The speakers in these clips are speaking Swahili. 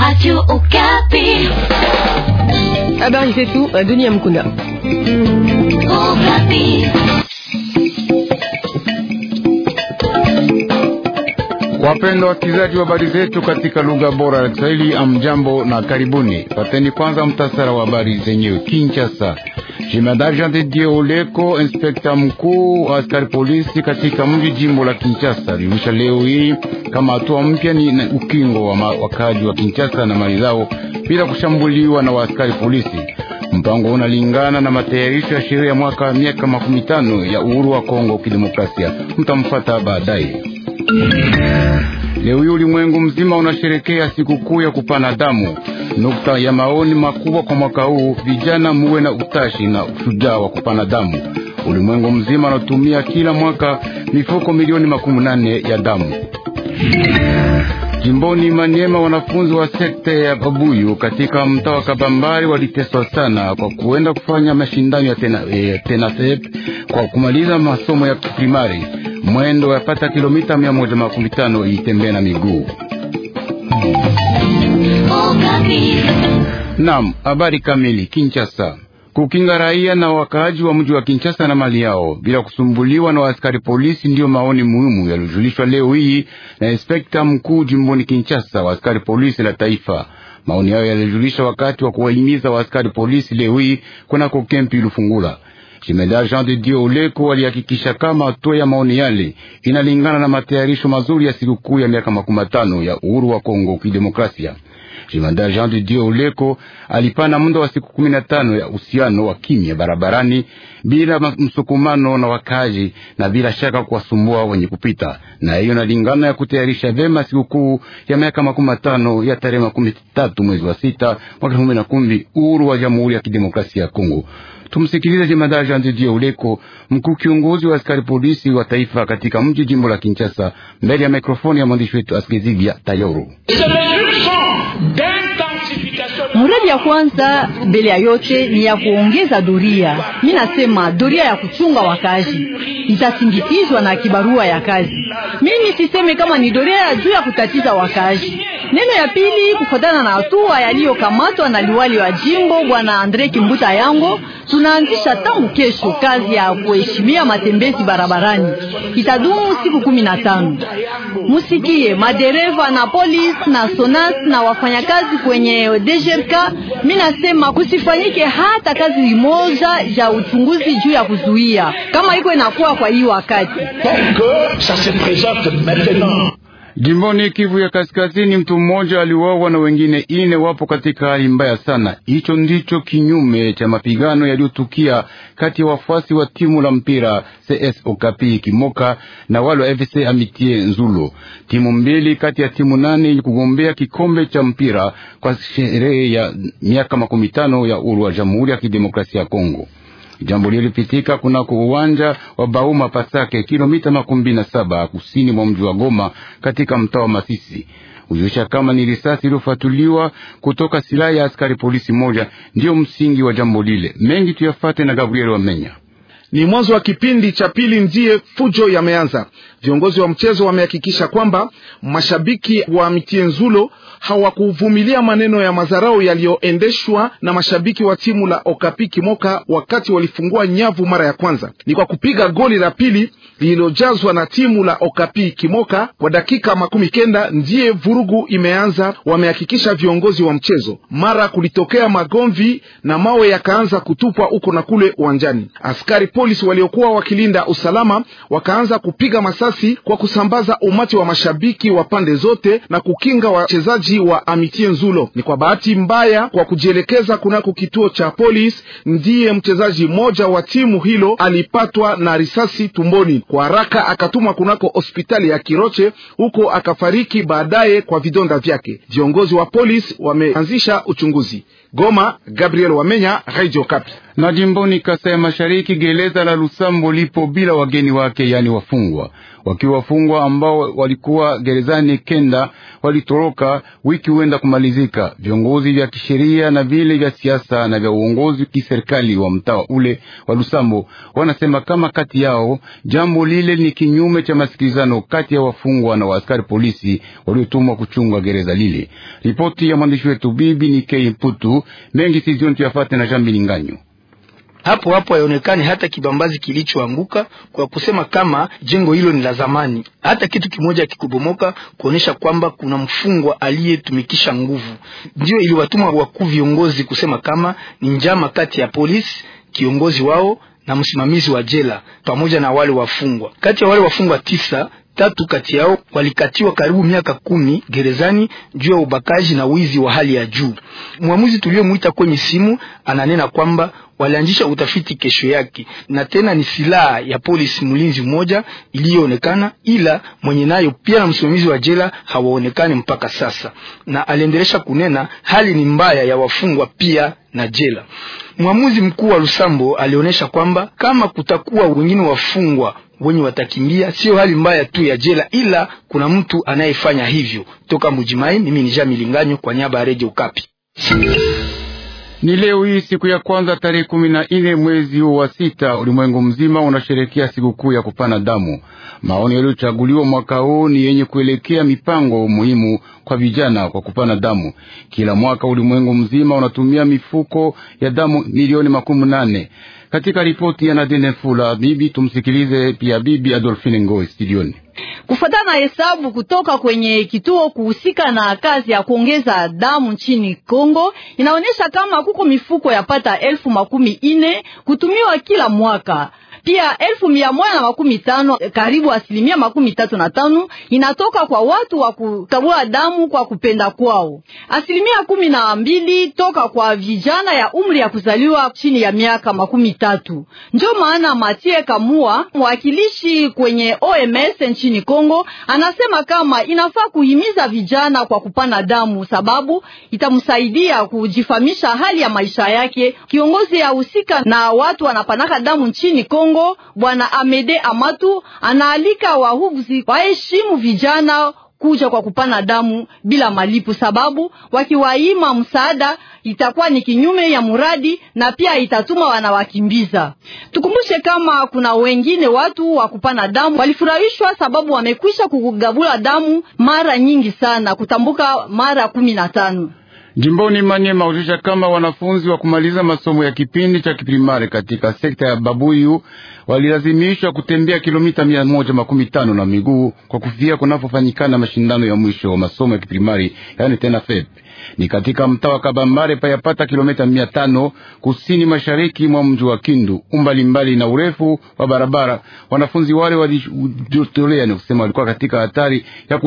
Radio Okapi. Habari zetu, eh, Dunia Mkunda. Okapi. Wapendwa wasikilizaji wa habari zetu katika lugha bora ya Kiswahili, amjambo na karibuni. Pateni kwanza mtasara wa habari zenyewe. Kinshasa Jemadari Jean de Dieu Oleko, inspekta mkuu wa askari polisi katika mji jimbo la Kinshasa, alijulisha leo hii kama hatua mpya ni ukingo wa wakaji wa Kinshasa na mali zao bila kushambuliwa na waaskari polisi. Mpango unalingana na matayarisho ya sheria ya mwaka miaka makumi tano ya uhuru wa Kongo Kidemokrasia. Mtamfuata baadaye. Leo hii ulimwengu mzima unasherekea sikukuu ya kupana damu. Nukta ya maoni makubwa kwa mwaka huu, vijana muwe na utashi na ushujaa wa kupana damu. Ulimwengu mzima anatumia kila mwaka mifuko milioni makumi nane ya damu. Jimboni Maniema, wanafunzi wa sekta ya Babuyu katika mtaa wa Kabambari waliteswa sana kwa kuenda kufanya mashindano ya TENASEP tena, eh, kwa kumaliza masomo ya primari mwendo yapata kilomita 115 moja ilitembea na miguu. Naam, habari kamili. Kinshasa, kukinga raia na wakaaji wa mji wa Kinshasa na mali yao bila kusumbuliwa na askari polisi, ndiyo maoni muhimu yaliyojulishwa leo hii na inspekta mkuu jimboni Kinshasa wa askari polisi la taifa. Maoni yao yalijulisha wakati wa kuwahimiza waaskari polisi leo hii kunako kempi Lufungula. Jemedar Jean de Dieu Oleko alihakikisha kama hatua ya maoni yale inalingana na matayarisho mazuri ya sikukuu ya miaka makumi matano ya uhuru wa Kongo kidemokrasia. Jemandari Jean de Dieu Oleko alipana muda wa siku kumi na tano ya uhusiano wa kimya barabarani bila msukumano na wakaji na bila shaka kuwasumbua wenye kupita, na hiyo nalingana ya kutayarisha vema sikukuu ya miaka makumi matano ya tarehe makumi tatu mwezi wa sita mwaka elfu mbili na kumi uhuru wa Jamhuri ya Kidemokrasia ya Kongo. Tumsikilize Jemada Jean de Dieu Oleko, mkuu kiongozi wa askari polisi wa taifa katika mji jimbo la Kinshasa, mbele ya mikrofoni ya mwandishi wetu Askezibia Tayoro. Muradi ya kwanza mbele ya yote ni ya kuongeza doria. Mimi nasema doria ya kuchunga wakazi itasindikizwa na kibarua ya kazi. Mimi siseme kama ni doria ya juu ya kutatiza wakazi, Neno ya pili kufuatana na hatua yaliyokamatwa na liwali wa jimbo bwana Andre Kimbuta Yango, tunaanzisha tangu kesho kazi ya kuheshimia matembezi barabarani, itadumu siku kumi na tano. Musikie madereva na polisi na sonas na wafanyakazi kwenye DGK, mimi nasema kusifanyike hata kazi moja ya uchunguzi juu ya kuzuia kama iko inakuwa kwa hii wakati. Jimboni Kivu ya Kaskazini, mtu mmoja aliuawa na wengine ine wapo katika hali mbaya sana. Hicho ndicho kinyume cha mapigano yaliyotukia kati ya wafuasi wa timu la mpira CS Okapi Kimoka na wale wa FC Amitie Nzulo. Timu mbili kati ya timu nane kugombea kikombe cha mpira kwa sherehe ya miaka makumi tano ya uhuru wa Jamhuri ya Kidemokrasia ya Kongo. Jambo lilipitika kunako uwanja wa Bauma Pasake, kilomita makumi na saba kusini mwa mji wa Goma, katika mtaa wa Masisi. Hujulisha kama ni risasi iliyofatuliwa kutoka silaha ya askari polisi moja ndiyo msingi wa jambo lile. Mengi tuyafate na Gabriel Wamenya. Ni mwanzo wa kipindi cha pili, ndiye fujo yameanza. Viongozi wa mchezo wamehakikisha kwamba mashabiki wa mitienzulo hawakuvumilia maneno ya madharau yaliyoendeshwa na mashabiki wa timu la Okapi Kimoka wakati walifungua nyavu mara ya kwanza. Ni kwa kupiga goli la pili lililojazwa na timu la Okapi Kimoka kwa dakika makumi kenda ndiye vurugu imeanza, wamehakikisha viongozi wa mchezo. Mara kulitokea magomvi na mawe yakaanza kutupwa huko na kule uwanjani. Askari polisi waliokuwa wakilinda usalama wakaanza kupiga masasi kwa kusambaza umati wa mashabiki wa pande zote na kukinga wachezaji wa Amitie Nzulo. Ni kwa bahati mbaya, kwa kujielekeza kunako kituo cha polisi, ndiye mchezaji mmoja wa timu hilo alipatwa na risasi tumboni. Kwa haraka akatumwa kunako hospitali ya Kiroche, huko akafariki baadaye kwa vidonda vyake. Viongozi wa polisi wameanzisha uchunguzi. Goma, Gabriel Wamenya, Radio Kapi. Na jimboni Kasa ya Mashariki, gereza la Lusambo lipo bila wageni wake, yani wafungwa wakiwa wafungwa ambao walikuwa gerezani kenda walitoroka wiki huenda kumalizika. Viongozi vya kisheria na vile vya siasa na vya uongozi kiserikali wa mtaa ule wa Lusambo wanasema kama kati yao jambo lile ni kinyume cha masikilizano kati ya wafungwa na waaskari polisi waliotumwa kuchunga gereza lile. Ripoti ya mwandishi wetu Bibi ni Kei putu mengi sizioni yafate na Jambi Linganyo hapo hapo haionekani hata kibambazi kilichoanguka, kwa kusema kama jengo hilo ni la zamani. Hata kitu kimoja kikubomoka kuonesha kwamba kuna mfungwa aliyetumikisha nguvu. Ndio iliwatuma wakuu viongozi kusema kama ni njama kati ya polisi, kiongozi wao na msimamizi wa jela pamoja na wale wafungwa. Kati ya wale wafungwa tisa tatu kati yao walikatiwa karibu miaka kumi gerezani juu ya ubakaji na wizi wa hali ya juu. Mwamuzi tuliyomwita kwenye simu ananena kwamba walianzisha utafiti kesho yake, na tena ni silaha ya polisi mlinzi mmoja iliyoonekana, ila mwenye nayo pia na msimamizi wa jela hawaonekani mpaka sasa, na aliendelesha kunena hali ni mbaya ya wafungwa pia na jela. Mwamuzi mkuu wa Lusambo alionyesha kwamba kama kutakuwa wengine wafungwa wenye watakimbia, sio hali mbaya tu ya jela, ila kuna mtu anayefanya hivyo. Toka Mujimai, mimi ni Jamilinganyo kwa niaba ya Radio Kapi. Ni leo hii siku ya kwanza tarehe kumi na nne mwezi huu wa sita, ulimwengu mzima unasherekea sikukuu ya kupana damu. Maoni yaliyochaguliwa mwaka huu ni yenye kuelekea mipango muhimu kwa vijana kwa kupana damu. Kila mwaka ulimwengu mzima unatumia mifuko ya damu milioni makumi nane katika ripoti ya Nadine Fula. Bibi tumsikilize pia Bibi Adolfine Ngoi studioni. Kufuatana na hesabu kutoka kwenye kituo kuhusika na kazi ya kuongeza damu nchini Kongo, inaonyesha kama kuko mifuko yapata elfu makumi ine kutumiwa kila mwaka pia elfu mia moja na makumi tano eh, karibu asilimia makumi tatu na tano inatoka kwa watu wa kutabua damu kwa kupenda kwao, asilimia kumi na mbili toka kwa vijana ya umri ya kuzaliwa chini ya miaka makumi tatu. Ndio maana Matie Kamua, mwakilishi kwenye OMS nchini Kongo, anasema kama inafaa kuhimiza vijana kwa kupana damu, sababu itamsaidia kujifamisha hali ya maisha yake. Kiongozi ya husika na watu wanapanaka damu nchini Kongo Kongo Bwana Amede Amatu anaalika wahuguzi waheshimu vijana kuja kwa kupana damu bila malipo, sababu wakiwaima msaada itakuwa ni kinyume ya muradi na pia itatuma wanawakimbiza. Tukumbushe kama kuna wengine watu wa kupana damu walifurahishwa, sababu wamekwisha kugabula damu mara nyingi sana, kutambuka mara kumi na tano. Jimboni Manyema hujulisha kama wanafunzi wa kumaliza masomo ya kipindi cha kiprimari katika sekta ya Babuyu walilazimishwa kutembea kilomita mia moja makumi tano na miguu kwa kufia kunapofanyikana mashindano ya mwisho wa masomo ya kiprimari yaani tena FEP ni katika mtaa wa Kabambare payapata kilomita mia tano kusini mashariki mwa mji wa Kindu. Umbali mbali na urefu wa barabara, wanafunzi wale walijotolea ni kusema walikuwa katika hatari ya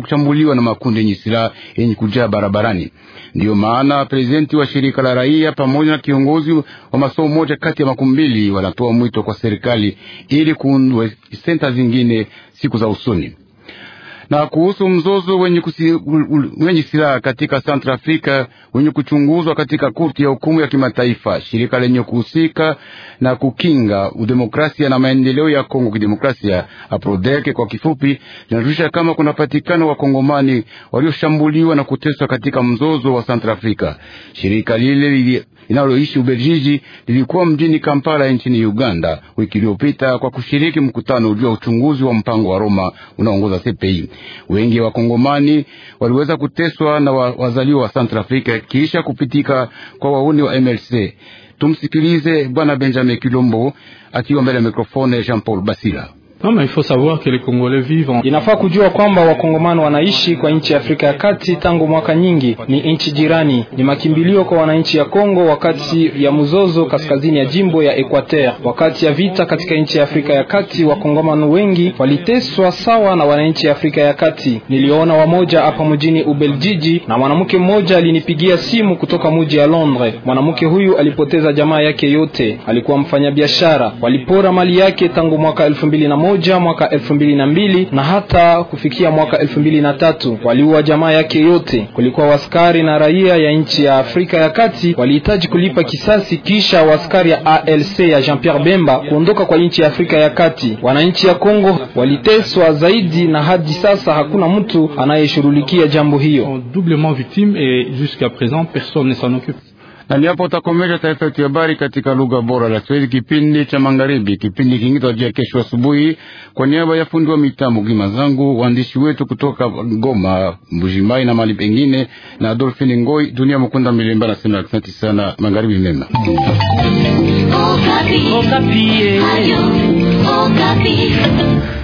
kushambuliwa na makundi yenye silaha yenye kujaa barabarani. Ndiyo maana prezidenti wa shirika la raia pamoja na kiongozi wa masomo moja kati ya makumi mbili wanatoa mwito kwa serikali ili kuundwe senta zingine siku za usoni. Na kuhusu mzozo wenye, kusi, wenye silaha katika Central Africa wenye kuchunguzwa katika korti ya hukumu ya kimataifa, shirika lenye kuhusika na kukinga udemokrasia na maendeleo ya Kongo Kidemokrasia, APRODEC kwa kifupi, linajulisha kama kunapatikana wakongomani walioshambuliwa na kuteswa katika mzozo wa Central Africa. Shirika lile inaloishi Ubelgiji lilikuwa mjini Kampala nchini Uganda wiki iliyopita kwa kushiriki mkutano juu ya uchunguzi wa mpango wa Roma unaoongoza CPI. Wengi wa Kongomani waliweza kuteswa na wazaliwa wa Centrafrika kisha kupitika kwa wauni wa MLC. Tumsikilize Bwana Benjamin Kilombo akiwa mbele ya mikrofone Jean Paul Basila. Inafaa kujua kwamba wakongomano wanaishi kwa nchi ya Afrika ya Kati tangu mwaka nyingi, ni nchi jirani, ni makimbilio kwa wananchi ya Kongo wakati ya mzozo kaskazini ya jimbo ya Equateur, wakati ya vita katika nchi ya Afrika ya Kati. Wakongomano wengi waliteswa sawa na wananchi ya Afrika ya Kati. Niliona wamoja hapa mjini Ubeljiji, na mwanamke mmoja alinipigia simu kutoka mji ya Londres. Mwanamke huyu alipoteza jamaa yake yote, alikuwa mfanyabiashara, walipora mali yake tangu mwaka elfu mbili na moja moja mwaka elfu mbili na mbili na hata kufikia mwaka elfu mbili na tatu waliua jamaa yake yote. Kulikuwa waskari na raia ya nchi ya Afrika ya Kati walihitaji kulipa kisasi kisha waskari ya ALC ya Jean Pierre Bemba kuondoka kwa nchi ya Afrika ya Kati. Wananchi ya Kongo waliteswa zaidi na hadi sasa hakuna mtu anayeshughulikia jambo hiyo na ni hapo takomesha taarifa yetu ya habari katika lugha bora la Kiswahili, kipindi cha magharibi. Kipindi kingine tutajia kesho asubuhi. Kwa niaba ya fundi wa mitambo Gima zangu waandishi wetu kutoka Goma, Mbujimai na mali pengine, na Adolfine Ngoi Dunia Mukunda Milemba nasema asante sana, magharibi mema. Okapi. Okapi. Eh.